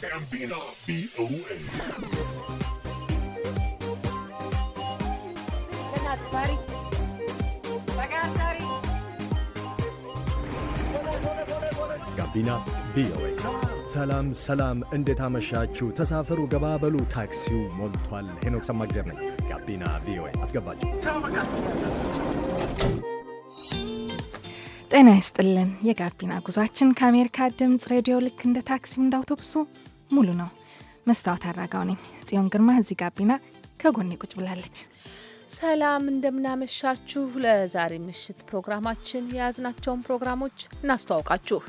ጋቢና ቪኦኤ ጋቢና ቪኦኤ። ሰላም ሰላም፣ እንዴት አመሻችሁ? ተሳፈሩ፣ ገባበሉ፣ ታክሲው ሞልቷል። ሄኖክ ሰማግዜር ነኝ። ጋቢና ቪኦኤ አስገባችሁ። ጤና ይስጥልን። የጋቢና ጉዟችን ከአሜሪካ ድምፅ ሬዲዮ ልክ እንደ ታክሲው እንደ አውቶቡሱ ሙሉ ነው። መስታወት አድራጋው ነኝ ጽዮን ግርማ። እዚህ ጋቢና ከጎኔ ቁጭ ብላለች። ሰላም እንደምናመሻችሁ። ለዛሬ ምሽት ፕሮግራማችን የያዝናቸውን ፕሮግራሞች እናስተዋውቃችሁ።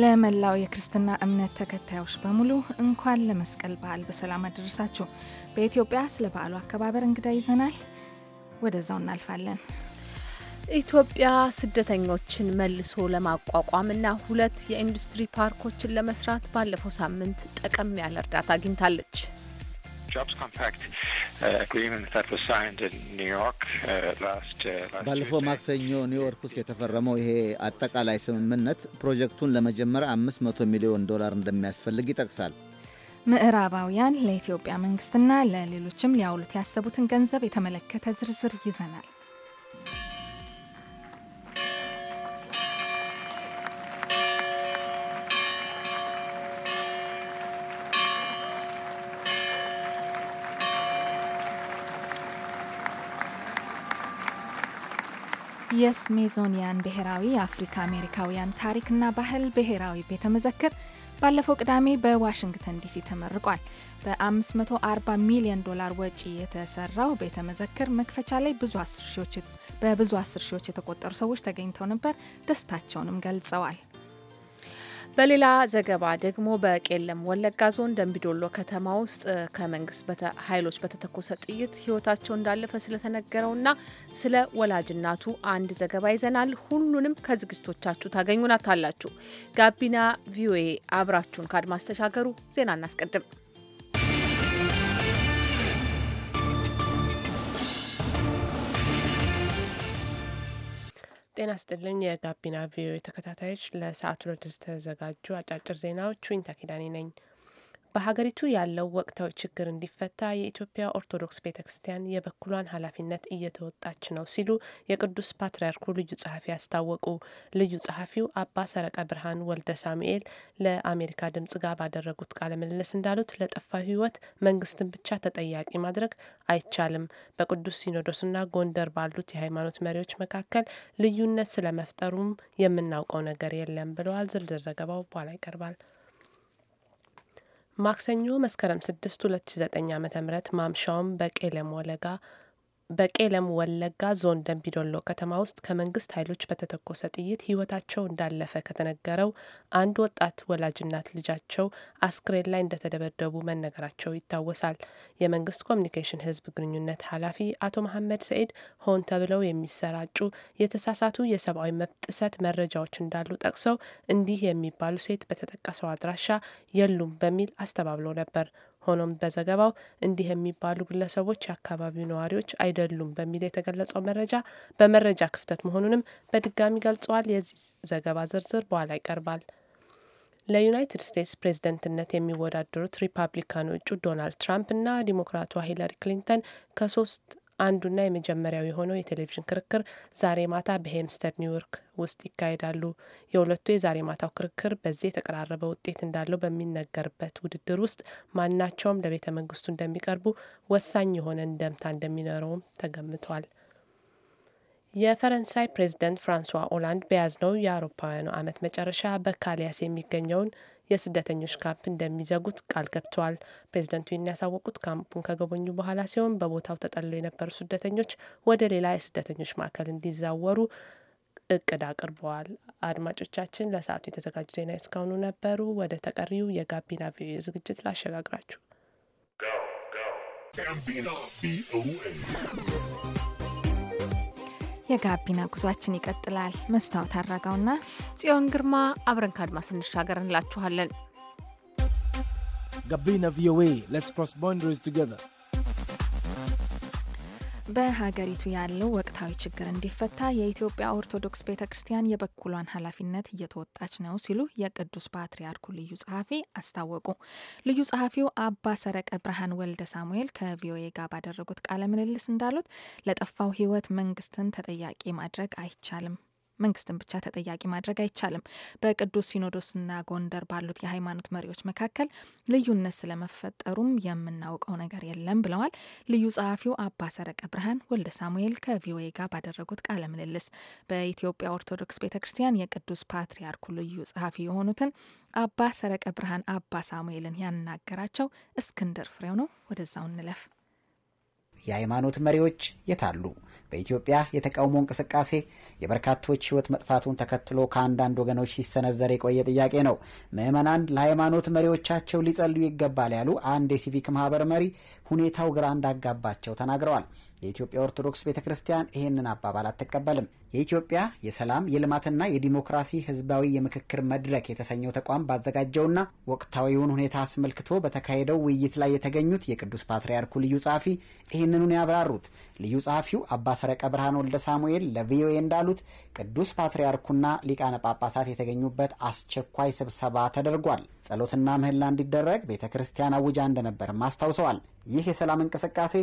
ለመላው የክርስትና እምነት ተከታዮች በሙሉ እንኳን ለመስቀል በዓል በሰላም አደረሳችሁ። በኢትዮጵያ ስለ በዓሉ አከባበር እንግዳ ይዘናል። ወደዛው እናልፋለን። ኢትዮጵያ ስደተኞችን መልሶ ለማቋቋም እና ሁለት የኢንዱስትሪ ፓርኮችን ለመስራት ባለፈው ሳምንት ጠቀም ያለ እርዳታ አግኝታለች። ባለፈው ማክሰኞ ኒውዮርክ ውስጥ የተፈረመው ይሄ አጠቃላይ ስምምነት ፕሮጀክቱን ለመጀመር 500 ሚሊዮን ዶላር እንደሚያስፈልግ ይጠቅሳል። ምዕራባውያን ለኢትዮጵያ መንግስትና ለሌሎችም ሊያውሉት ያሰቡትን ገንዘብ የተመለከተ ዝርዝር ይዘናል። የስሜዞኒያን ብሔራዊ የአፍሪካ አሜሪካውያን ታሪክና ባህል ብሔራዊ ቤተ መዘክር ባለፈው ቅዳሜ በዋሽንግተን ዲሲ ተመርቋል። በ540 ሚሊዮን ዶላር ወጪ የተሰራው ቤተ መዘክር መክፈቻ ላይ በብዙ አስር ሺዎች የተቆጠሩ ሰዎች ተገኝተው ነበር። ደስታቸውንም ገልጸዋል። በሌላ ዘገባ ደግሞ በቄለም ወለጋ ዞን ደንቢዶሎ ከተማ ውስጥ ከመንግስት ኃይሎች በተተኮሰ ጥይት ህይወታቸው እንዳለፈ ስለተነገረውና ስለ ወላጅናቱ አንድ ዘገባ ይዘናል። ሁሉንም ከዝግጅቶቻችሁ ታገኙናታላችሁ። ጋቢና ቪኦኤ አብራችሁን ከአድማስ ተሻገሩ። ዜና እናስቀድም። ጤና ስጥልኝ የጋቢና ቪዮ ተከታታዮች፣ ለሰዓቱ ተዘጋጁ አጫጭር ዜናዎች ዊንታ ኪዳኔ ነኝ። በሀገሪቱ ያለው ወቅታዊ ችግር እንዲፈታ የኢትዮጵያ ኦርቶዶክስ ቤተ ክርስቲያን የበኩሏን ኃላፊነት እየተወጣች ነው ሲሉ የቅዱስ ፓትርያርኩ ልዩ ጸሐፊ አስታወቁ። ልዩ ጸሐፊው አባ ሰረቀ ብርሃን ወልደ ሳሙኤል ለአሜሪካ ድምጽ ጋር ባደረጉት ቃለ ምልልስ እንዳሉት ለጠፋ ሕይወት መንግስትን ብቻ ተጠያቂ ማድረግ አይቻልም። በቅዱስ ሲኖዶስና ጎንደር ባሉት የሃይማኖት መሪዎች መካከል ልዩነት ስለመፍጠሩም የምናውቀው ነገር የለም ብለዋል። ዝርዝር ዘገባው በኋላ ይቀርባል። ማክሰኞ መስከረም 6 2009 ዓ ም ማምሻውን በቄለም ወለጋ በቄለም ወለጋ ዞን ደንቢዶሎ ከተማ ውስጥ ከመንግስት ኃይሎች በተተኮሰ ጥይት ህይወታቸው እንዳለፈ ከተነገረው አንድ ወጣት ወላጅናት ልጃቸው አስክሬን ላይ እንደተደበደቡ መነገራቸው ይታወሳል። የመንግስት ኮሚኒኬሽን ህዝብ ግንኙነት ኃላፊ አቶ መሐመድ ሰኢድ ሆን ተብለው የሚሰራጩ የተሳሳቱ የሰብአዊ መብት ጥሰት መረጃዎች እንዳሉ ጠቅሰው እንዲህ የሚባሉ ሴት በተጠቀሰው አድራሻ የሉም በሚል አስተባብሎ ነበር። ሆኖም በዘገባው እንዲህ የሚባሉ ግለሰቦች የአካባቢው ነዋሪዎች አይደሉም በሚል የተገለጸው መረጃ በመረጃ ክፍተት መሆኑንም በድጋሚ ገልጸዋል። የዚህ ዘገባ ዝርዝር በኋላ ይቀርባል። ለዩናይትድ ስቴትስ ፕሬዝደንትነት የሚወዳደሩት ሪፐብሊካን እጩ ዶናልድ ትራምፕ እና ዲሞክራቷ ሂላሪ ክሊንተን ከሶስት አንዱና የመጀመሪያው የሆነው የቴሌቪዥን ክርክር ዛሬ ማታ በሄምስተር ኒውዮርክ ውስጥ ይካሄዳሉ። የሁለቱ የዛሬ ማታው ክርክር በዚህ የተቀራረበ ውጤት እንዳለው በሚነገርበት ውድድር ውስጥ ማናቸውም ለቤተ መንግስቱ እንደሚቀርቡ ወሳኝ የሆነ እንደምታ እንደሚኖረውም ተገምቷል። የፈረንሳይ ፕሬዚደንት ፍራንሷ ኦላንድ በያዝነው የአውሮፓውያኑ አመት መጨረሻ በካሊያስ የሚገኘውን የስደተኞች ካምፕ እንደሚዘጉት ቃል ገብተዋል። ፕሬዝደንቱ ይህን ያሳወቁት ካምፑን ከጎበኙ በኋላ ሲሆን በቦታው ተጠልለው የነበሩ ስደተኞች ወደ ሌላ የስደተኞች ማዕከል እንዲዛወሩ እቅድ አቅርበዋል። አድማጮቻችን ለሰዓቱ የተዘጋጁ ዜና እስካሁኑ ነበሩ። ወደ ተቀሪው የጋቢና ቪኦኤ ዝግጅት ላሸጋግራችሁ። የጋቢና ጉዟችን ይቀጥላል። መስታወት አድራጋውና ጽዮን ግርማ አብረን ካድማስ እንሻገር እንላችኋለን። ጋቢና ቪኦኤ ሌትስ ክሮስ ቦንደሪስ ቱጌዘር በሀገሪቱ ያለው ወቅታዊ ችግር እንዲፈታ የኢትዮጵያ ኦርቶዶክስ ቤተ ክርስቲያን የበኩሏን ኃላፊነት እየተወጣች ነው ሲሉ የቅዱስ ፓትርያርኩ ልዩ ጸሐፊ አስታወቁ። ልዩ ጸሐፊው አባ ሰረቀ ብርሃን ወልደ ሳሙኤል ከቪኦኤ ጋር ባደረጉት ቃለ ምልልስ እንዳሉት ለጠፋው ሕይወት መንግስትን ተጠያቂ ማድረግ አይቻልም መንግስትን ብቻ ተጠያቂ ማድረግ አይቻልም። በቅዱስ ሲኖዶስና ጎንደር ባሉት የሃይማኖት መሪዎች መካከል ልዩነት ስለመፈጠሩም የምናውቀው ነገር የለም ብለዋል። ልዩ ጸሐፊው አባ ሰረቀ ብርሃን ወልደ ሳሙኤል ከቪኦኤ ጋር ባደረጉት ቃለ ምልልስ በኢትዮጵያ ኦርቶዶክስ ቤተ ክርስቲያን የቅዱስ ፓትርያርኩ ልዩ ጸሐፊ የሆኑትን አባ ሰረቀ ብርሃን አባ ሳሙኤልን ያናገራቸው እስክንድር ፍሬው ነው። ወደዛው እንለፍ። የሃይማኖት መሪዎች የታሉ? በኢትዮጵያ የተቃውሞ እንቅስቃሴ የበርካቶች ሕይወት መጥፋቱን ተከትሎ ከአንዳንድ ወገኖች ሲሰነዘር የቆየ ጥያቄ ነው። ምዕመናን ለሃይማኖት መሪዎቻቸው ሊጸልዩ ይገባል ያሉ አንድ የሲቪክ ማህበር መሪ ሁኔታው ግራ እንዳጋባቸው ተናግረዋል። የኢትዮጵያ ኦርቶዶክስ ቤተ ክርስቲያን ይህንን አባባል አትቀበልም። የኢትዮጵያ የሰላም የልማትና የዲሞክራሲ ህዝባዊ የምክክር መድረክ የተሰኘው ተቋም ባዘጋጀውና ወቅታዊውን ሁኔታ አስመልክቶ በተካሄደው ውይይት ላይ የተገኙት የቅዱስ ፓትርያርኩ ልዩ ጸሐፊ ይህንኑን ያብራሩት ልዩ ጸሐፊው አባ ሰረቀ ብርሃን ወልደ ሳሙኤል ለቪኦኤ እንዳሉት ቅዱስ ፓትርያርኩና ሊቃነ ጳጳሳት የተገኙበት አስቸኳይ ስብሰባ ተደርጓል። ጸሎትና ምህላ እንዲደረግ ቤተ ክርስቲያን አውጃ እንደነበርም አስታውሰዋል። ይህ የሰላም እንቅስቃሴ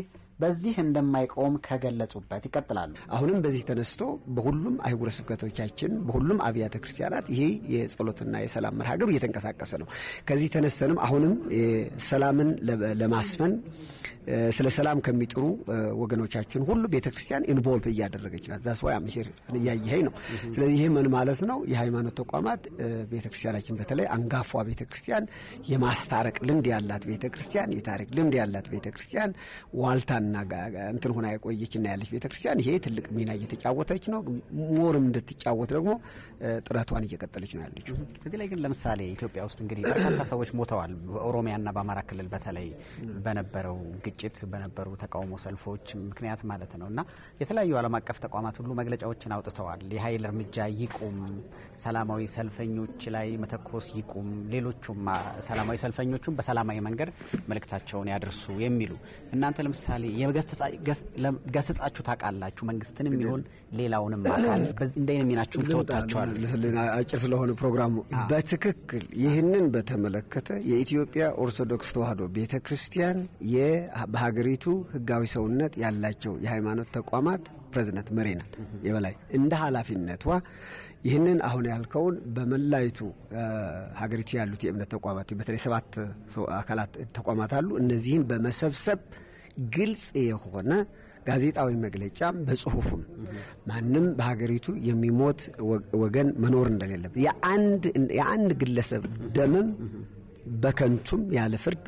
በዚህ እንደማይቆም ከገለጹበት ይቀጥላሉ። አሁንም በዚህ ተነስቶ በሁሉም አህጉረ ስብከቶቻችን በሁሉም አብያተ ክርስቲያናት ይሄ የጸሎትና የሰላም መርሃ ግብር እየተንቀሳቀሰ ነው። ከዚህ ተነስተንም አሁንም ሰላምን ለማስፈን ስለ ሰላም ከሚጥሩ ወገኖቻችን ሁሉ ቤተ ክርስቲያን ኢንቮልቭ እያደረገች ናት። ዛስ ዋይ አምሄር እያየኸኝ ነው። ስለዚህ ይህ ምን ማለት ነው? የሃይማኖት ተቋማት ቤተ ክርስቲያናችን በተለይ አንጋፏ ቤተ ክርስቲያን የማስታረቅ ልምድ ያላት ቤተ ክርስቲያን፣ የታሪክ ልምድ ያላት ቤተ ክርስቲያን፣ ዋልታና እንትን ሆና የቆየችና ያለች ቤተ ክርስቲያን ይሄ ትልቅ ሚና እየተጫወተች ነው። ሞር እንድትጫወት ደግሞ ጥረቷን እየቀጠለች ነው ያለችው። እዚህ ላይ ግን ለምሳሌ ኢትዮጵያ ውስጥ እንግዲህ በርካታ ሰዎች ሞተዋል። በኦሮሚያና በአማራ ክልል በተለይ በነበረው ግጭት በነበሩ ተቃውሞ ሰልፎች ምክንያት ማለት ነው እና የተለያዩ ዓለም አቀፍ ተቋማት ሁሉ መግለጫዎችን አውጥተዋል። የኃይል እርምጃ ይቁም፣ ሰላማዊ ሰልፈኞች ላይ መተኮስ ይቁም፣ ሌሎቹም ሰላማዊ ሰልፈኞቹም በሰላማዊ መንገድ መልእክታቸውን ያደርሱ የሚሉ እናንተ ለምሳሌ ገስጻችሁ ታውቃላችሁ? መንግስትንም ይሁን ሌላውንም አካል እንደ ሚናችሁ ተወጥታችኋል? አጭር ስለሆነ ፕሮግራሙ በትክክል ይህንን በተመለከተ የኢትዮጵያ ኦርቶዶክስ ተዋህዶ ቤተ ክርስቲያን በሀገሪቱ ህጋዊ ሰውነት ያላቸው የሃይማኖት ተቋማት ፕሬዝደንት መሪ ናት። የበላይ እንደ ኃላፊነቷ ይህንን አሁን ያልከውን በመላይቱ ሀገሪቱ ያሉት የእምነት ተቋማት በተለይ ሰባት አካላት ተቋማት አሉ። እነዚህም በመሰብሰብ ግልጽ የሆነ ጋዜጣዊ መግለጫም በጽሁፉም ማንም በሀገሪቱ የሚሞት ወገን መኖር እንደሌለበት የአንድ ግለሰብ ደምም በከንቱም ያለ ፍርድ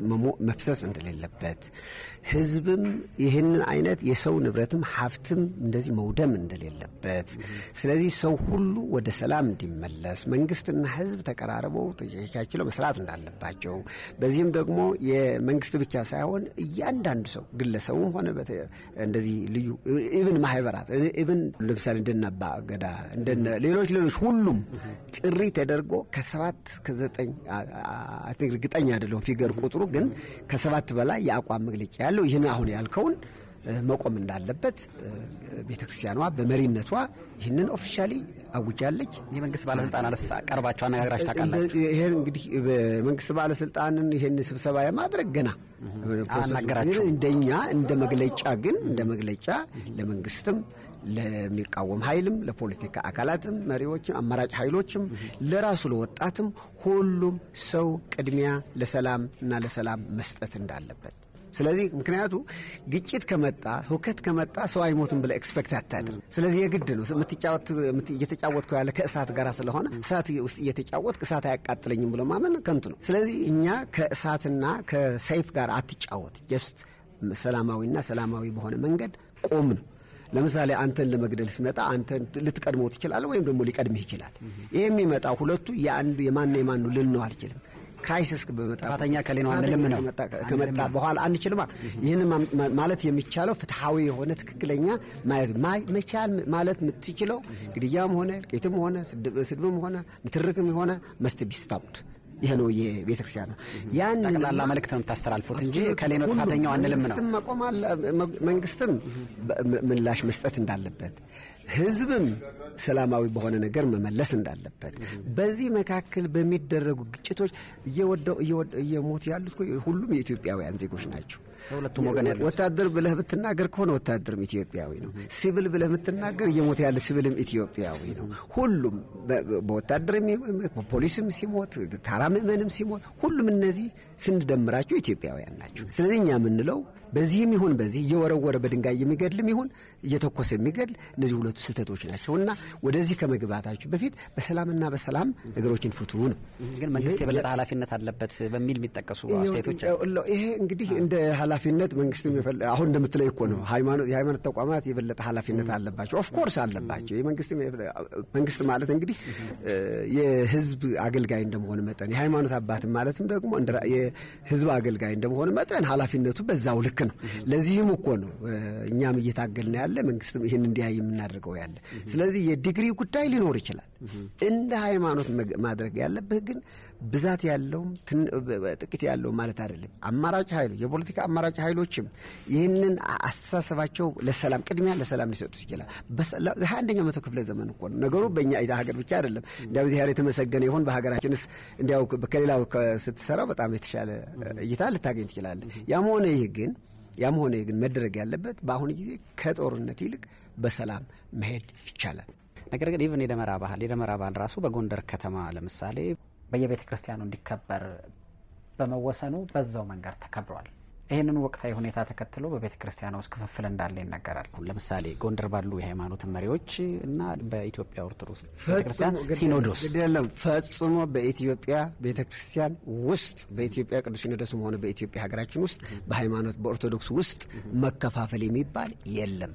መፍሰስ እንደሌለበት ህዝብም ይህንን አይነት የሰው ንብረትም ሀብትም እንደዚህ መውደም እንደሌለበት፣ ስለዚህ ሰው ሁሉ ወደ ሰላም እንዲመለስ መንግስትና ህዝብ ተቀራርበው ተቻችለው መስራት እንዳለባቸው በዚህም ደግሞ የመንግስት ብቻ ሳይሆን እያንዳንዱ ሰው ግለሰቡም ሆነ እንደዚህ ልዩ ኢብን ማህበራት ኢብን ለምሳሌ እንደነባ ገዳ እንደነ ሌሎች ሌሎች ሁሉም ጥሪ ተደርጎ ከሰባት ከዘጠኝ እርግጠኛ አይደለሁም ፊገር ቁጥሩ ግን ከሰባት በላይ የአቋም መግለጫ ያለ ያለው ይህን አሁን ያልከውን መቆም እንዳለበት ቤተ ክርስቲያኗ በመሪነቷ ይህንን ኦፊሻሊ አውጃለች። የመንግስት ባለስልጣን ቀርባቸው አነጋግራች ታውቃላችሁ? ይህን እንግዲህ መንግስት ባለስልጣንን ይህን ስብሰባ የማድረግ ገና አናገራችሁ። እንደኛ እንደ መግለጫ ግን እንደ መግለጫ ለመንግስትም ለሚቃወም ኃይልም ለፖለቲካ አካላትም መሪዎችም አማራጭ ኃይሎችም ለራሱ ለወጣትም ሁሉም ሰው ቅድሚያ ለሰላም እና ለሰላም መስጠት እንዳለበት ስለዚህ ምክንያቱ ግጭት ከመጣ ሁከት ከመጣ ሰው አይሞትም ብለ ኤክስፔክት አታድርም። ስለዚህ የግድ ነው እየተጫወትከው ያለ ከእሳት ጋር ስለሆነ እሳት ውስጥ እየተጫወትክ እሳት አያቃጥለኝም ብሎ ማመን ከንቱ ነው። ስለዚህ እኛ ከእሳትና ከሰይፍ ጋር አትጫወት። ጀስት ሰላማዊና ሰላማዊ በሆነ መንገድ ቆም ነው። ለምሳሌ አንተን ለመግደል ሲመጣ አንተን ልትቀድመው ትችላለህ፣ ወይም ደግሞ ሊቀድምህ ይችላል። ይህ የሚመጣ ሁለቱ የአንዱ የማን የማን ነው ልንነው አልችልም። ክራይሲስ በመጣተኛ ከሌነው አንልም ነው ከመጣ በኋላ አንችልም። ይህን ማለት የሚቻለው ፍትሐዊ የሆነ ትክክለኛ ማየት መቻል ማለት የምትችለው ግድያም ሆነ እልቂትም ሆነ ስድብም ሆነ ምትርክም ሆነ መስት ቢስታውድ ይህ ነው የቤተ ክርስቲያን ነው። ያን ጠቅላላ መልእክት ነው የምታስተላልፉት እንጂ ከሌኖ ጥፋተኛው አንልም ነው። መንግስትም ምላሽ መስጠት እንዳለበት ህዝብም ሰላማዊ በሆነ ነገር መመለስ እንዳለበት በዚህ መካከል በሚደረጉ ግጭቶች እየሞት ያሉት ሁሉም የኢትዮጵያውያን ዜጎች ናቸው። ሁለቱም ወገን ያሉት ወታደር ብለህ ብትናገር ከሆነ ወታደርም ኢትዮጵያዊ ነው። ሲቪል ብለህ ብትናገር እየሞት ያለ ሲቪልም ኢትዮጵያዊ ነው። ሁሉም በወታደር በፖሊስም ሲሞት፣ ታራ ምእመንም ሲሞት ሁሉም እነዚህ ስንደምራቸው ኢትዮጵያውያን ናቸው። ስለዚህ እኛ የምንለው በዚህም ይሁን በዚህ እየወረወረ በድንጋይ የሚገድልም ይሁን እየተኮሰ የሚገድል እነዚህ ሁለቱ ስህተቶች ናቸው እና ወደዚህ ከመግባታችሁ በፊት በሰላምና በሰላም ነገሮችን ፍቱ ነው። ግን መንግስት የበለጠ ኃላፊነት አለበት በሚል የሚጠቀሱ አስተያየቶች ይሄ እንግዲህ እንደ ኃላፊነት መንግስት አሁን እንደምትለው እኮ ነው። የሃይማኖት ተቋማት የበለጠ ኃላፊነት አለባቸው። ኦፍኮርስ አለባቸው። መንግስት ማለት እንግዲህ የህዝብ አገልጋይ እንደመሆን መጠን የሃይማኖት አባትም ማለትም ደግሞ የህዝብ አገልጋይ እንደመሆን መጠን ኃላፊነቱ በዛው ልክ ልክ ነው። ለዚህም እኮ ነው እኛም እየታገልን ያለ መንግስትም ይህን እንዲያ የምናደርገው ያለ። ስለዚህ የዲግሪ ጉዳይ ሊኖር ይችላል። እንደ ሃይማኖት ማድረግ ያለብህ ግን ብዛት ያለውም ጥቂት ያለው ማለት አይደለም። አማራጭ ኃይሉ የፖለቲካ አማራጭ ኃይሎችም ይህንን አስተሳሰባቸው ለሰላም ቅድሚያ ለሰላም ሊሰጡት ይችላል። አንደኛው መቶ ክፍለ ዘመን እኮ ነው ነገሩ። በእኛ ሀገር ብቻ አይደለም። እንዲያው እግዚአብሔር የተመሰገነ ይሁን። በሀገራችንስ እንዲያው ከሌላው ስትሰራው በጣም የተሻለ እይታ ልታገኝ ትችላለህ። ያም ሆነ ይህ ግን ያም ሆነ ግን መደረግ ያለበት በአሁኑ ጊዜ ከጦርነት ይልቅ በሰላም መሄድ ይቻላል። ነገር ግን ኢቨን የደመራ ባህል የደመራ ባህል ራሱ በጎንደር ከተማ ለምሳሌ በየቤተ ክርስቲያኑ እንዲከበር በመወሰኑ በዛው መንገድ ተከብሯል። ይህንን ወቅታዊ ሁኔታ ተከትሎ በቤተ ክርስቲያን ውስጥ ክፍፍል እንዳለ ይነገራል። ለምሳሌ ጎንደር ባሉ የሃይማኖት መሪዎች እና በኢትዮጵያ ኦርቶዶክስ ቤተክርስቲያን ሲኖዶስ ለም ፈጽሞ በኢትዮጵያ ቤተ ክርስቲያን ውስጥ በኢትዮጵያ ቅዱስ ሲኖዶስም ሆነ በኢትዮጵያ ሀገራችን ውስጥ በሃይማኖት በኦርቶዶክስ ውስጥ መከፋፈል የሚባል የለም።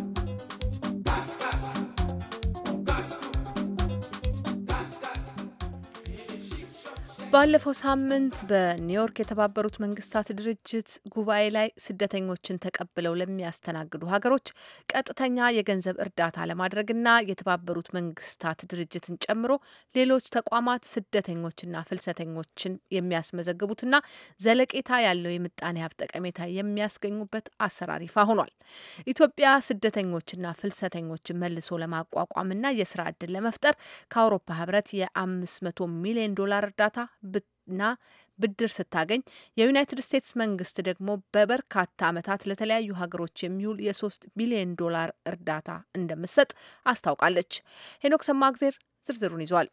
ባለፈው ሳምንት በኒውዮርክ የተባበሩት መንግስታት ድርጅት ጉባኤ ላይ ስደተኞችን ተቀብለው ለሚያስተናግዱ ሀገሮች ቀጥተኛ የገንዘብ እርዳታ ለማድረግና የተባበሩት መንግስታት ድርጅትን ጨምሮ ሌሎች ተቋማት ስደተኞችና ፍልሰተኞችን የሚያስመዘግቡትና ዘለቄታ ያለው የምጣኔ ሀብት ጠቀሜታ የሚያስገኙበት አሰራር ይፋ ሆኗል። ኢትዮጵያ ስደተኞችና ፍልሰተኞችን መልሶ ለማቋቋምና የስራ እድል ለመፍጠር ከአውሮፓ ህብረት የ500 ሚሊዮን ዶላር እርዳታ ና ብድር ስታገኝ የዩናይትድ ስቴትስ መንግስት ደግሞ በበርካታ ዓመታት ለተለያዩ ሀገሮች የሚውል የሶስት ቢሊዮን ዶላር እርዳታ እንደምትሰጥ አስታውቃለች። ሄኖክ ሰማእግዜር ዝርዝሩን ይዟል።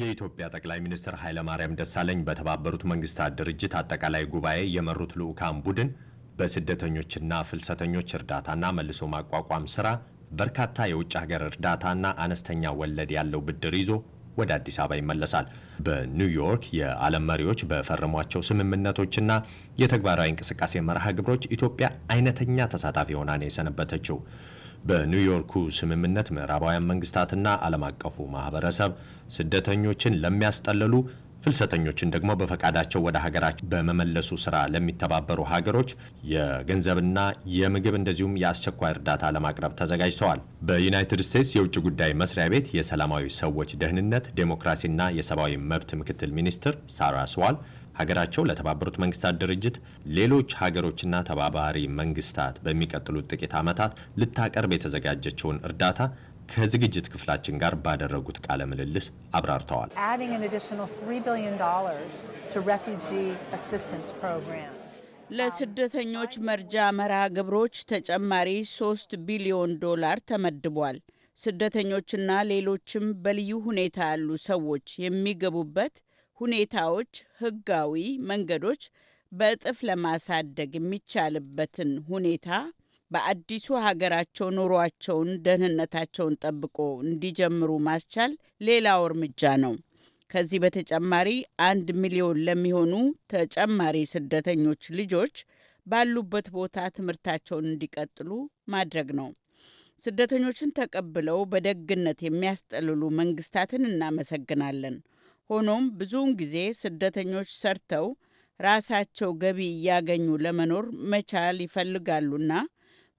የኢትዮጵያ ጠቅላይ ሚኒስትር ኃይለማርያም ደሳለኝ በተባበሩት መንግስታት ድርጅት አጠቃላይ ጉባኤ የመሩት ልዑካን ቡድን በስደተኞችና ፍልሰተኞች እርዳታና መልሶ ማቋቋም ስራ በርካታ የውጭ ሀገር እርዳታና አነስተኛ ወለድ ያለው ብድር ይዞ ወደ አዲስ አበባ ይመለሳል። በኒውዮርክ የዓለም መሪዎች በፈረሟቸው ስምምነቶችና የተግባራዊ እንቅስቃሴ መርሃ ግብሮች ኢትዮጵያ አይነተኛ ተሳታፊ ሆና ነው የሰነበተችው። በኒውዮርኩ ስምምነት ምዕራባውያን መንግስታትና ዓለም አቀፉ ማህበረሰብ ስደተኞችን ለሚያስጠልሉ ፍልሰተኞችን ደግሞ በፈቃዳቸው ወደ ሀገራቸው በመመለሱ ስራ ለሚተባበሩ ሀገሮች የገንዘብና የምግብ እንደዚሁም የአስቸኳይ እርዳታ ለማቅረብ ተዘጋጅተዋል። በዩናይትድ ስቴትስ የውጭ ጉዳይ መስሪያ ቤት የሰላማዊ ሰዎች ደህንነት፣ ዴሞክራሲና የሰብአዊ መብት ምክትል ሚኒስትር ሳራ ስዋል ሀገራቸው ለተባበሩት መንግስታት ድርጅት፣ ሌሎች ሀገሮችና ተባባሪ መንግስታት በሚቀጥሉት ጥቂት ዓመታት ልታቀርብ የተዘጋጀችውን እርዳታ ከዝግጅት ክፍላችን ጋር ባደረጉት ቃለ ምልልስ አብራርተዋል። ለስደተኞች መርጃ መርሃ ግብሮች ተጨማሪ 3 ቢሊዮን ዶላር ተመድቧል። ስደተኞችና ሌሎችም በልዩ ሁኔታ ያሉ ሰዎች የሚገቡበት ሁኔታዎች፣ ህጋዊ መንገዶች በእጥፍ ለማሳደግ የሚቻልበትን ሁኔታ በአዲሱ ሀገራቸው ኑሯቸውን ደህንነታቸውን ጠብቆ እንዲጀምሩ ማስቻል ሌላው እርምጃ ነው። ከዚህ በተጨማሪ አንድ ሚሊዮን ለሚሆኑ ተጨማሪ ስደተኞች ልጆች ባሉበት ቦታ ትምህርታቸውን እንዲቀጥሉ ማድረግ ነው። ስደተኞችን ተቀብለው በደግነት የሚያስጠልሉ መንግስታትን እናመሰግናለን። ሆኖም ብዙውን ጊዜ ስደተኞች ሰርተው ራሳቸው ገቢ እያገኙ ለመኖር መቻል ይፈልጋሉና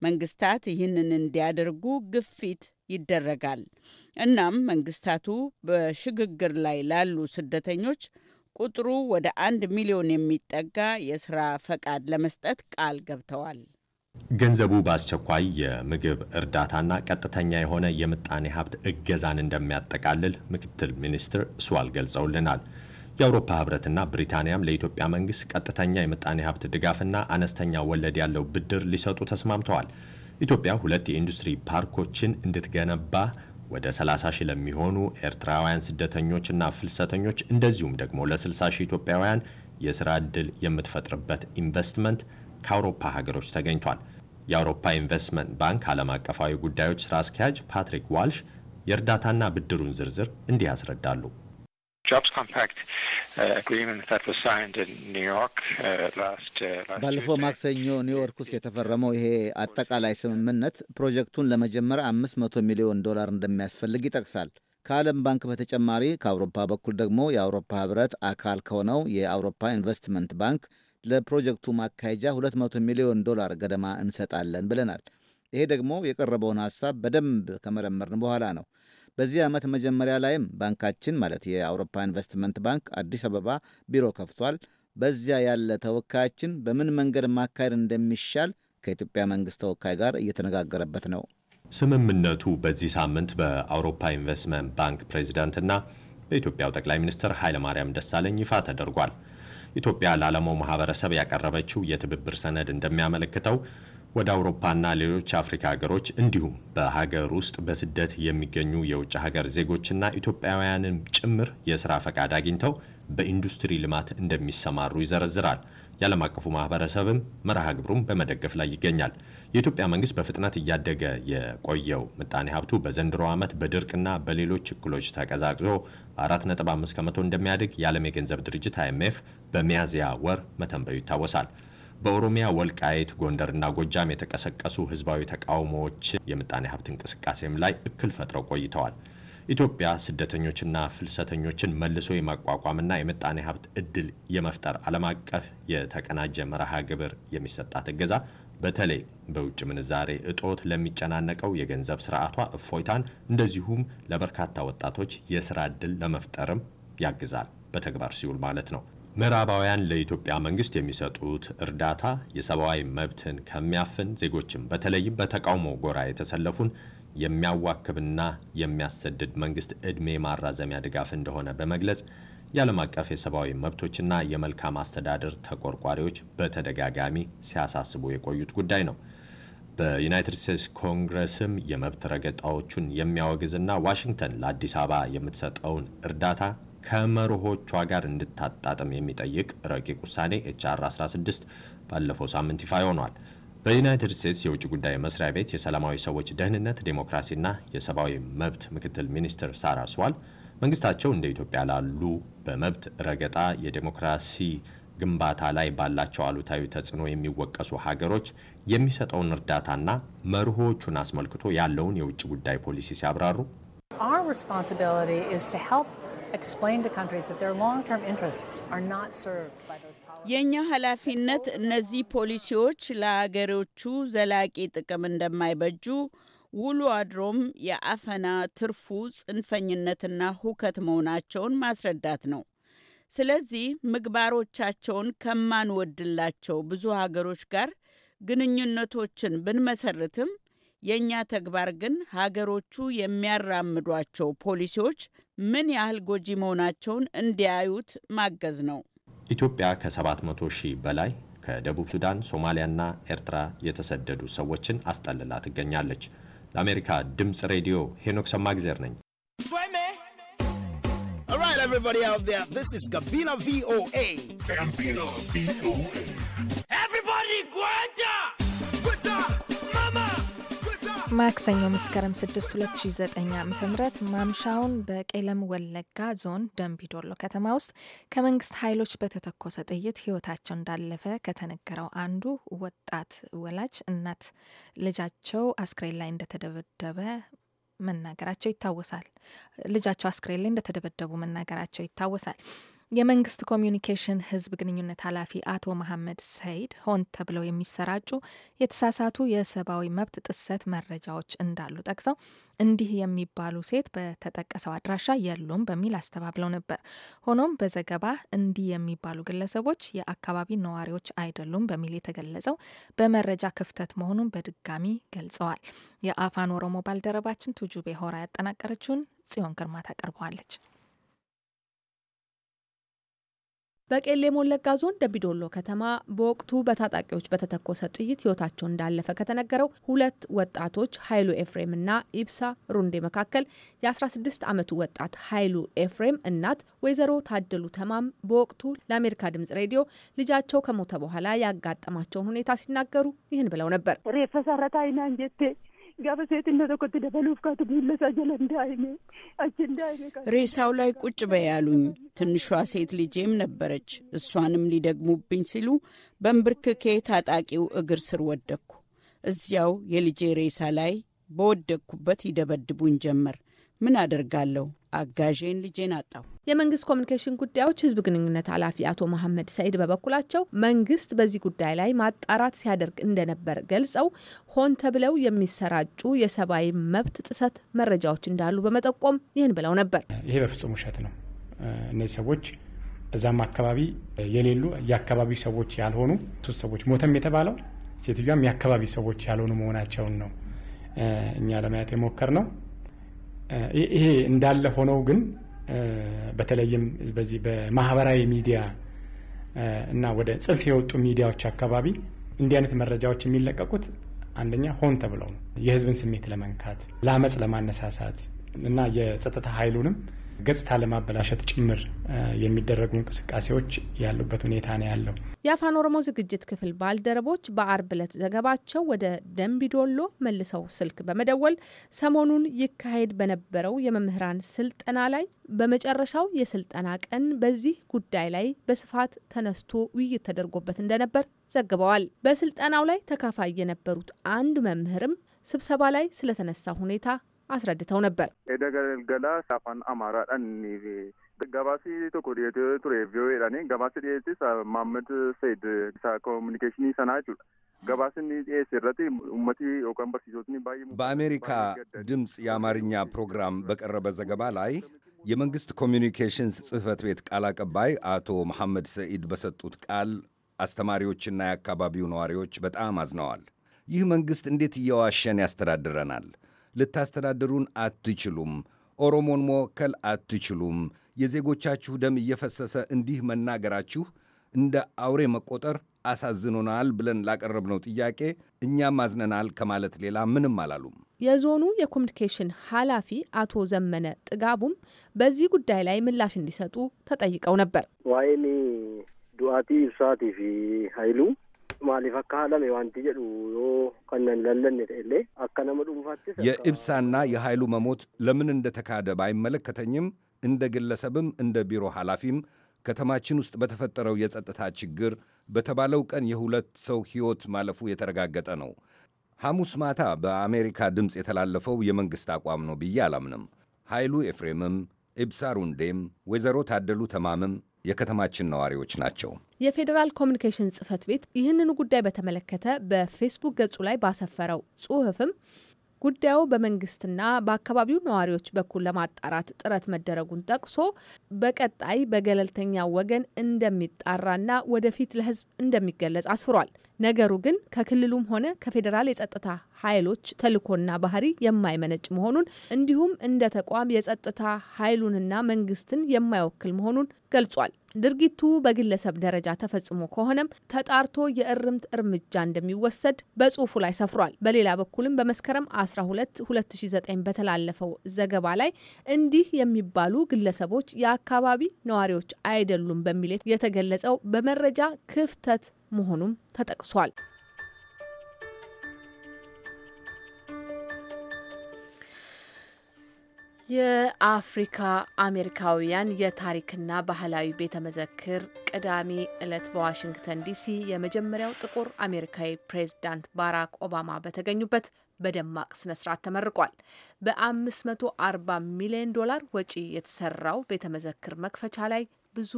መንግስታት ይህንን እንዲያደርጉ ግፊት ይደረጋል። እናም መንግስታቱ በሽግግር ላይ ላሉ ስደተኞች ቁጥሩ ወደ አንድ ሚሊዮን የሚጠጋ የስራ ፈቃድ ለመስጠት ቃል ገብተዋል። ገንዘቡ በአስቸኳይ የምግብ እርዳታና ቀጥተኛ የሆነ የምጣኔ ሀብት እገዛን እንደሚያጠቃልል ምክትል ሚኒስትር ስዋል ገልጸውልናል። የአውሮፓ ህብረትና ብሪታንያም ለኢትዮጵያ መንግስት ቀጥተኛ የምጣኔ ሀብት ድጋፍና አነስተኛ ወለድ ያለው ብድር ሊሰጡ ተስማምተዋል። ኢትዮጵያ ሁለት የኢንዱስትሪ ፓርኮችን እንድትገነባ ወደ 30 ሺህ ለሚሆኑ ኤርትራውያን ስደተኞችና ፍልሰተኞች እንደዚሁም ደግሞ ለ60 ሺህ ኢትዮጵያውያን የስራ ዕድል የምትፈጥርበት ኢንቨስትመንት ከአውሮፓ ሀገሮች ተገኝቷል። የአውሮፓ ኢንቨስትመንት ባንክ ዓለም አቀፋዊ ጉዳዮች ስራ አስኪያጅ ፓትሪክ ዋልሽ የእርዳታና ብድሩን ዝርዝር እንዲህ ያስረዳሉ። Uh, uh, uh, ባለፈው ማክሰኞ ኒውዮርክ ውስጥ የተፈረመው ይሄ አጠቃላይ ስምምነት ፕሮጀክቱን ለመጀመር አምስት መቶ ሚሊዮን ዶላር እንደሚያስፈልግ ይጠቅሳል። ከዓለም ባንክ በተጨማሪ ከአውሮፓ በኩል ደግሞ የአውሮፓ ሕብረት አካል ከሆነው የአውሮፓ ኢንቨስትመንት ባንክ ለፕሮጀክቱ ማካሄጃ ሁለት መቶ ሚሊዮን ዶላር ገደማ እንሰጣለን ብለናል። ይሄ ደግሞ የቀረበውን ሀሳብ በደንብ ከመረመርን በኋላ ነው። በዚህ ዓመት መጀመሪያ ላይም ባንካችን ማለት የአውሮፓ ኢንቨስትመንት ባንክ አዲስ አበባ ቢሮ ከፍቷል። በዚያ ያለ ተወካያችን በምን መንገድ ማካሄድ እንደሚሻል ከኢትዮጵያ መንግስት ተወካይ ጋር እየተነጋገረበት ነው። ስምምነቱ በዚህ ሳምንት በአውሮፓ ኢንቨስትመንት ባንክ ፕሬዚዳንትና በኢትዮጵያው ጠቅላይ ሚኒስትር ኃይለማርያም ደሳለኝ ይፋ ተደርጓል። ኢትዮጵያ ለዓለማው ማህበረሰብ ያቀረበችው የትብብር ሰነድ እንደሚያመለክተው ወደ አውሮፓና ሌሎች አፍሪካ ሀገሮች እንዲሁም በሀገር ውስጥ በስደት የሚገኙ የውጭ ሀገር ዜጎችና ኢትዮጵያውያንም ጭምር የስራ ፈቃድ አግኝተው በኢንዱስትሪ ልማት እንደሚሰማሩ ይዘረዝራል። የዓለም አቀፉ ማህበረሰብም መርሃ ግብሩም በመደገፍ ላይ ይገኛል። የኢትዮጵያ መንግስት በፍጥነት እያደገ የቆየው ምጣኔ ሀብቱ በዘንድሮ ዓመት በድርቅና በሌሎች እክሎች ተቀዛቅዞ በ4.5 ከመቶ እንደሚያድግ የዓለም የገንዘብ ድርጅት አይኤምኤፍ በሚያዝያ ወር መተንበዩ ይታወሳል። በኦሮሚያ ወልቃይት፣ ጎንደርና ጎጃም የተቀሰቀሱ ህዝባዊ ተቃውሞዎች የምጣኔ ሀብት እንቅስቃሴም ላይ እክል ፈጥረው ቆይተዋል። ኢትዮጵያ ስደተኞችና ፍልሰተኞችን መልሶ የማቋቋምና የምጣኔ ሀብት እድል የመፍጠር ዓለም አቀፍ የተቀናጀ መርሃ ግብር የሚሰጣት እገዛ በተለይ በውጭ ምንዛሬ እጦት ለሚጨናነቀው የገንዘብ ስርዓቷ እፎይታን፣ እንደዚሁም ለበርካታ ወጣቶች የስራ እድል ለመፍጠርም ያግዛል በተግባር ሲውል ማለት ነው። ምዕራባውያን ለኢትዮጵያ መንግስት የሚሰጡት እርዳታ የሰብአዊ መብትን ከሚያፍን ዜጎችን በተለይም በተቃውሞ ጎራ የተሰለፉን የሚያዋክብና የሚያሰድድ መንግስት ዕድሜ ማራዘሚያ ድጋፍ እንደሆነ በመግለጽ የዓለም አቀፍ የሰብአዊ መብቶችና የመልካም አስተዳደር ተቆርቋሪዎች በተደጋጋሚ ሲያሳስቡ የቆዩት ጉዳይ ነው። በዩናይትድ ስቴትስ ኮንግረስም የመብት ረገጣዎቹን የሚያወግዝና ዋሽንግተን ለአዲስ አበባ የምትሰጠውን እርዳታ ከመርሆቿ ጋር እንድታጣጥም የሚጠይቅ ረቂቅ ውሳኔ ኤችአር 16 ባለፈው ሳምንት ይፋ ሆኗል። በዩናይትድ ስቴትስ የውጭ ጉዳይ መስሪያ ቤት የሰላማዊ ሰዎች ደህንነት፣ ዴሞክራሲና የሰብአዊ መብት ምክትል ሚኒስትር ሳራ ስዋል መንግስታቸው እንደ ኢትዮጵያ ላሉ በመብት ረገጣ የዴሞክራሲ ግንባታ ላይ ባላቸው አሉታዊ ተጽዕኖ የሚወቀሱ ሀገሮች የሚሰጠውን እርዳታና መርሆቹን አስመልክቶ ያለውን የውጭ ጉዳይ ፖሊሲ ሲያብራሩ የእኛ ኃላፊነት እነዚህ ፖሊሲዎች ለአገሮቹ ዘላቂ ጥቅም እንደማይበጁ ውሉ አድሮም የአፈና ትርፉ ጽንፈኝነትና ሁከት መሆናቸውን ማስረዳት ነው። ስለዚህ ምግባሮቻቸውን ከማንወድላቸው ብዙ ሀገሮች ጋር ግንኙነቶችን ብንመሰርትም የእኛ ተግባር ግን ሀገሮቹ የሚያራምዷቸው ፖሊሲዎች ምን ያህል ጎጂ መሆናቸውን እንዲያዩት ማገዝ ነው። ኢትዮጵያ ከ700 ሺህ በላይ ከደቡብ ሱዳን፣ ሶማሊያና ኤርትራ የተሰደዱ ሰዎችን አስጠልላ ትገኛለች። ለአሜሪካ ድምፅ ሬዲዮ ሄኖክ ሰማግዜር ነኝ። ጋቢና ቪኦኤ ማክሰኞ መስከረም 6 2009 ዓ ም ማምሻውን በቄለም ወለጋ ዞን ደንቢዶሎ ከተማ ውስጥ ከመንግስት ኃይሎች በተተኮሰ ጥይት ህይወታቸው እንዳለፈ ከተነገረው አንዱ ወጣት ወላጅ እናት ልጃቸው አስክሬን ላይ እንደተደበደበ መናገራቸው ይታወሳል። ልጃቸው አስክሬን ላይ እንደተደበደቡ መናገራቸው ይታወሳል። የመንግስት ኮሚዩኒኬሽን ህዝብ ግንኙነት ኃላፊ አቶ መሐመድ ሰይድ ሆን ተብለው የሚሰራጩ የተሳሳቱ የሰብአዊ መብት ጥሰት መረጃዎች እንዳሉ ጠቅሰው እንዲህ የሚባሉ ሴት በተጠቀሰው አድራሻ የሉም በሚል አስተባብለው ነበር። ሆኖም በዘገባ እንዲህ የሚባሉ ግለሰቦች የአካባቢ ነዋሪዎች አይደሉም በሚል የተገለጸው በመረጃ ክፍተት መሆኑን በድጋሚ ገልጸዋል። የአፋን ኦሮሞ ባልደረባችን ቱጁቤ ሆራ ያጠናቀረችውን ጽዮን ግርማ ታቀርበዋለች። በቄሌ ሞለጋ ዞን ደምቢዶሎ ከተማ በወቅቱ በታጣቂዎች በተተኮሰ ጥይት ህይወታቸው እንዳለፈ ከተነገረው ሁለት ወጣቶች ኃይሉ ኤፍሬም እና ኢብሳ ሩንዴ መካከል የ16 ዓመቱ ወጣት ኃይሉ ኤፍሬም እናት ወይዘሮ ታደሉ ተማም በወቅቱ ለአሜሪካ ድምጽ ሬዲዮ ልጃቸው ከሞተ በኋላ ያጋጠማቸውን ሁኔታ ሲናገሩ ይህን ብለው ነበር። ጋፈ ሴትነ ተኮት ደበሉፍ ካቱ ቢለሳ ጀለ እንዳይኔ አች እንዳይኔ ሬሳው ላይ ቁጭ በያሉኝ። ትንሿ ሴት ልጄም ነበረች። እሷንም ሊደግሙብኝ ሲሉ በንብርክኬ ታጣቂው እግር ስር ወደቅኩ። እዚያው የልጄ ሬሳ ላይ በወደቅኩበት ይደበድቡኝ ጀመር። ምን አደርጋለሁ? አጋዤን ልጄን አጣሁ። የመንግስት ኮሚኒኬሽን ጉዳዮች ህዝብ ግንኙነት ኃላፊ አቶ መሐመድ ሰኢድ በበኩላቸው መንግስት በዚህ ጉዳይ ላይ ማጣራት ሲያደርግ እንደነበር ገልጸው ሆን ተብለው የሚሰራጩ የሰብአዊ መብት ጥሰት መረጃዎች እንዳሉ በመጠቆም ይህን ብለው ነበር። ይሄ በፍጹም ውሸት ነው። እነዚህ ሰዎች እዛም አካባቢ የሌሉ የአካባቢው ሰዎች ያልሆኑ ሶስት ሰዎች ሞተም የተባለው ሴትዮዋም የአካባቢ ሰዎች ያልሆኑ መሆናቸውን ነው እኛ ለማየት የሞከር ነው ይሄ እንዳለ ሆነው ግን በተለይም በዚህ በማህበራዊ ሚዲያ እና ወደ ጽንፍ የወጡ ሚዲያዎች አካባቢ እንዲህ አይነት መረጃዎች የሚለቀቁት አንደኛ ሆን ተብለው ነው፣ የህዝብን ስሜት ለመንካት፣ ለአመፅ ለማነሳሳት እና የጸጥታ ኃይሉንም ገጽታ ለማበላሸት ጭምር የሚደረጉ እንቅስቃሴዎች ያሉበት ሁኔታ ነው ያለው። የአፋን ኦሮሞ ዝግጅት ክፍል ባልደረቦች በአርብ ዕለት ዘገባቸው ወደ ደንቢዶሎ መልሰው ስልክ በመደወል ሰሞኑን ይካሄድ በነበረው የመምህራን ስልጠና ላይ በመጨረሻው የስልጠና ቀን በዚህ ጉዳይ ላይ በስፋት ተነስቶ ውይይት ተደርጎበት እንደነበር ዘግበዋል። በስልጠናው ላይ ተካፋይ የነበሩት አንድ መምህርም ስብሰባ ላይ ስለተነሳ ሁኔታ አስረድተው ነበር። ገላ አፋን አማራ ገባሲ ቶኮ ቱሬ ቪኦኤ ገባሲ ዲኤሲስ ማመድ ሰይድ ሳ ኮሚኒኬሽን ሰና ጁ ገባስን ዲኤስ ረት ኡመቲ ኦቀን በርሲሶትን ባይ በአሜሪካ ድምፅ የአማርኛ ፕሮግራም በቀረበ ዘገባ ላይ የመንግስት ኮሚኒኬሽንስ ጽህፈት ቤት ቃል አቀባይ አቶ መሐመድ ሰኢድ በሰጡት ቃል አስተማሪዎችና የአካባቢው ነዋሪዎች በጣም አዝነዋል። ይህ መንግስት እንዴት እየዋሸን ያስተዳድረናል? ልታስተዳድሩን አትችሉም፣ ኦሮሞን መወከል አትችሉም፣ የዜጎቻችሁ ደም እየፈሰሰ እንዲህ መናገራችሁ እንደ አውሬ መቆጠር አሳዝኖናል ብለን ላቀረብነው ጥያቄ እኛም አዝነናል ከማለት ሌላ ምንም አላሉም። የዞኑ የኮሚኒኬሽን ኃላፊ አቶ ዘመነ ጥጋቡም በዚህ ጉዳይ ላይ ምላሽ እንዲሰጡ ተጠይቀው ነበር። ዋይኒ ዱአቲ እብሳቲ ፊ ሀይሉ maaliif akka haalame wanti jedhu yoo kannan lallanne ta'ellee akka nama የኢብሳና የኃይሉ መሞት ለምን እንደተካደ ባይመለከተኝም እንደ ግለሰብም እንደ ቢሮ ኃላፊም ከተማችን ውስጥ በተፈጠረው የጸጥታ ችግር በተባለው ቀን የሁለት ሰው ሕይወት ማለፉ የተረጋገጠ ነው። ሐሙስ ማታ በአሜሪካ ድምፅ የተላለፈው የመንግሥት አቋም ነው ብዬ አላምንም። ኃይሉ ኤፍሬምም፣ ኢብሳ ሩንዴም፣ ወይዘሮ ታደሉ ተማምም የከተማችን ነዋሪዎች ናቸው። የፌዴራል ኮሚኒኬሽን ጽህፈት ቤት ይህንኑ ጉዳይ በተመለከተ በፌስቡክ ገጹ ላይ ባሰፈረው ጽሁፍም ጉዳዩ በመንግስትና በአካባቢው ነዋሪዎች በኩል ለማጣራት ጥረት መደረጉን ጠቅሶ በቀጣይ በገለልተኛ ወገን እንደሚጣራና ወደፊት ለህዝብ እንደሚገለጽ አስፍሯል። ነገሩ ግን ከክልሉም ሆነ ከፌዴራል የጸጥታ ኃይሎች ተልእኮና ባህሪ የማይመነጭ መሆኑን እንዲሁም እንደ ተቋም የጸጥታ ኃይሉንና መንግስትን የማይወክል መሆኑን ገልጿል። ድርጊቱ በግለሰብ ደረጃ ተፈጽሞ ከሆነም ተጣርቶ የእርምት እርምጃ እንደሚወሰድ በጽሁፉ ላይ ሰፍሯል። በሌላ በኩልም በመስከረም 12 2009 በተላለፈው ዘገባ ላይ እንዲህ የሚባሉ ግለሰቦች የአካባቢ ነዋሪዎች አይደሉም በሚል የተገለጸው በመረጃ ክፍተት መሆኑም ተጠቅሷል። የአፍሪካ አሜሪካውያን የታሪክና ባህላዊ ቤተ መዘክር ቅዳሜ ዕለት በዋሽንግተን ዲሲ የመጀመሪያው ጥቁር አሜሪካዊ ፕሬዝዳንት ባራክ ኦባማ በተገኙበት በደማቅ ስነ ስርዓት ተመርቋል። በ540 ሚሊዮን ዶላር ወጪ የተሰራው ቤተ መዘክር መክፈቻ ላይ ብዙ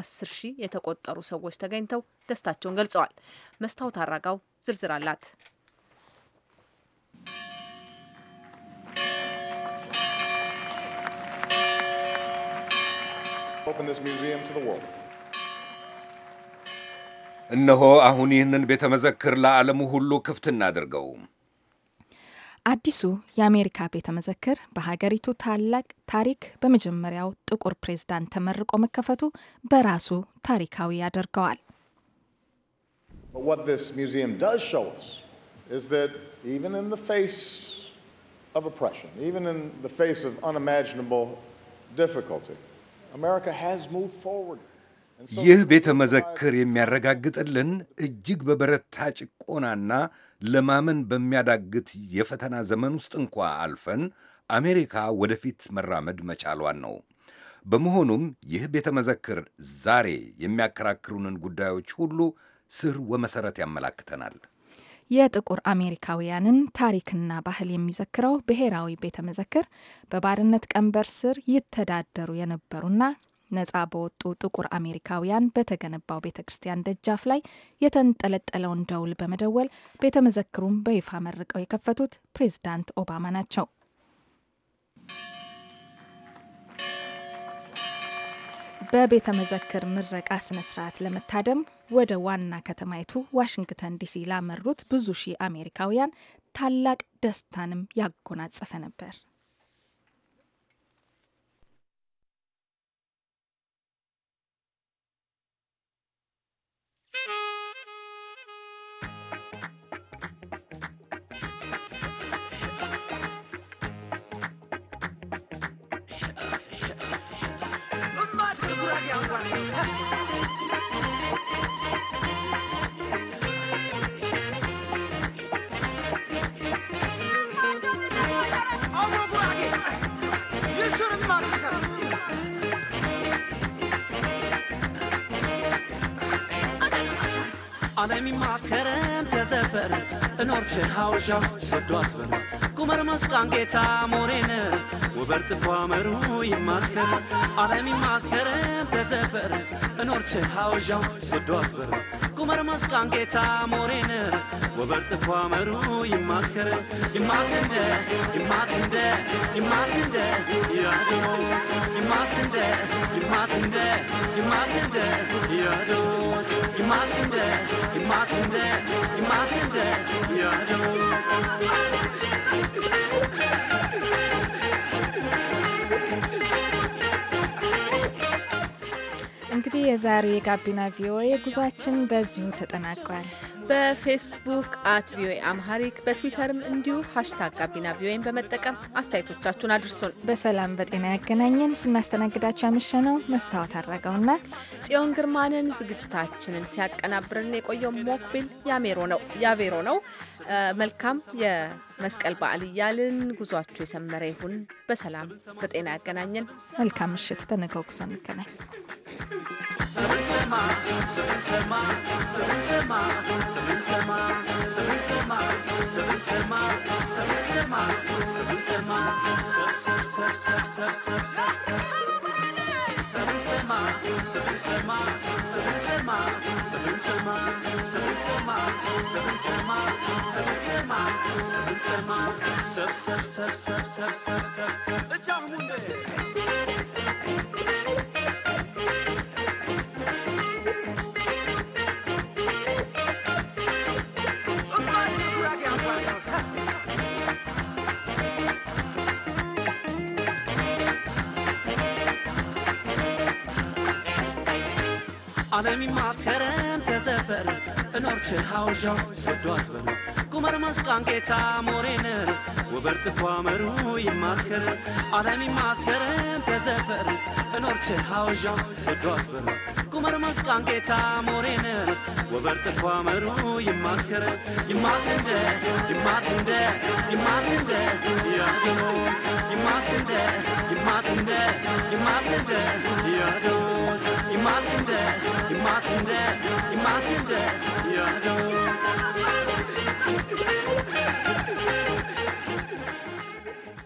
አስር ሺህ የተቆጠሩ ሰዎች ተገኝተው ደስታቸውን ገልጸዋል። መስታወት አራጋው ዝርዝር አላት። እነሆ አሁን ይህንን ቤተ መዘክር ለዓለሙ ሁሉ ክፍት እናድርገው። አዲሱ የአሜሪካ ቤተ መዘክር በሀገሪቱ ታላቅ ታሪክ በመጀመሪያው ጥቁር ፕሬዝዳንት ተመርቆ መከፈቱ በራሱ ታሪካዊ ያደርገዋል። ስ ይህ ቤተ መዘክር የሚያረጋግጥልን እጅግ በበረታ ጭቆናና ለማመን በሚያዳግት የፈተና ዘመን ውስጥ እንኳ አልፈን አሜሪካ ወደፊት መራመድ መቻሏን ነው። በመሆኑም ይህ ቤተ መዘክር ዛሬ የሚያከራክሩንን ጉዳዮች ሁሉ ስር ወመሠረት ያመላክተናል። የጥቁር አሜሪካውያንን ታሪክና ባህል የሚዘክረው ብሔራዊ ቤተ መዘክር በባርነት ቀንበር ስር ይተዳደሩ የነበሩና ነጻ በወጡ ጥቁር አሜሪካውያን በተገነባው ቤተ ክርስቲያን ደጃፍ ላይ የተንጠለጠለውን ደውል በመደወል ቤተ መዘክሩን በይፋ መርቀው የከፈቱት ፕሬዝዳንት ኦባማ ናቸው። በቤተ መዘክር ምረቃ ስነ ስርዓት ለመታደም ወደ ዋና ከተማይቱ ዋሽንግተን ዲሲ ላመሩት ብዙ ሺህ አሜሪካውያን ታላቅ ደስታንም ያጎናጸፈ ነበር። Անեմի մացքերեմ թեզեպեր, նոր չէ հաուժա սդուած վնը, կումր մսկանգեցա մորինը, ውበርት ፏመሩ ይማትከረ ዓለም ይማትከረ ተዘበር እኖርች ሃውዣው ስዶ አትበረ ቁመር መስቃን ጌታ ሞሬነር ውበርት ፏመሩ ይማትከረ ይማትንደ ይማትንደ ይማትንደ ያዶች ይማትንደ ይማትንደ ይማትንደ ያዶች ይማትንደ ይማትንደ ይማትንደ ያዶች እንግዲህ የዛሬው የጋቢና ቪኦኤ ጉዟችን በዚሁ ተጠናቋል። በፌስቡክ አት ቪኦኤ አምሃሪክ በትዊተርም እንዲሁ ሀሽታግ ጋቢና ቪኦኤን በመጠቀም አስተያየቶቻችሁን አድርሱን። በሰላም በጤና ያገናኘን። ስናስተናግዳችሁ ያመሸ ነው መስታወት አድረገውና ጽዮን ግርማንን ዝግጅታችንን ሲያቀናብርን የቆየው ሞክቢል ያሜሮ ነው ያቬሮ ነው። መልካም የመስቀል በዓል እያልን ጉዟችሁ የሰመረ ይሁን። በሰላም በጤና ያገናኘን። መልካም ምሽት። በነገው ጉዞ እንገናኝ። Seven Sema, Seven Sema, Seven Sema, Seven Sema, Seven Sema, Sep Sep Sep Sep Sep Sep Sep Sep. Seven Sema, Seven Sema, Seven Sema, Seven Sema, Seven Sema, Seven Sema, Seven Sema, Seven Sema, Sep Sep Sep Sep Sep Sep Sep Sep. The Jammunde. ዓለሚ ማትከረም ተዘፈረ እኖርች ሐውዣው ሰዶ አዝበነ ቁመር መስቃን ጌታ ሞሬነር ወበር ጥፏ መሩ የማትከረም ዓለሚ ማትከረም ተዘፈረ እኖርች ሐውዣው ሰዶ አዝበነ ቁመር መስቃን ጌታ ሞሬነር ወበር ጥፏ መሩ የማትከረም ይማትንደ ይማትንደ ይማትንደ ያገኖት ይማትንደ ይማትንደ ይማትንደ ያገኖት you mustn't dance, you mustn't dance, you mustn't dance, you don't.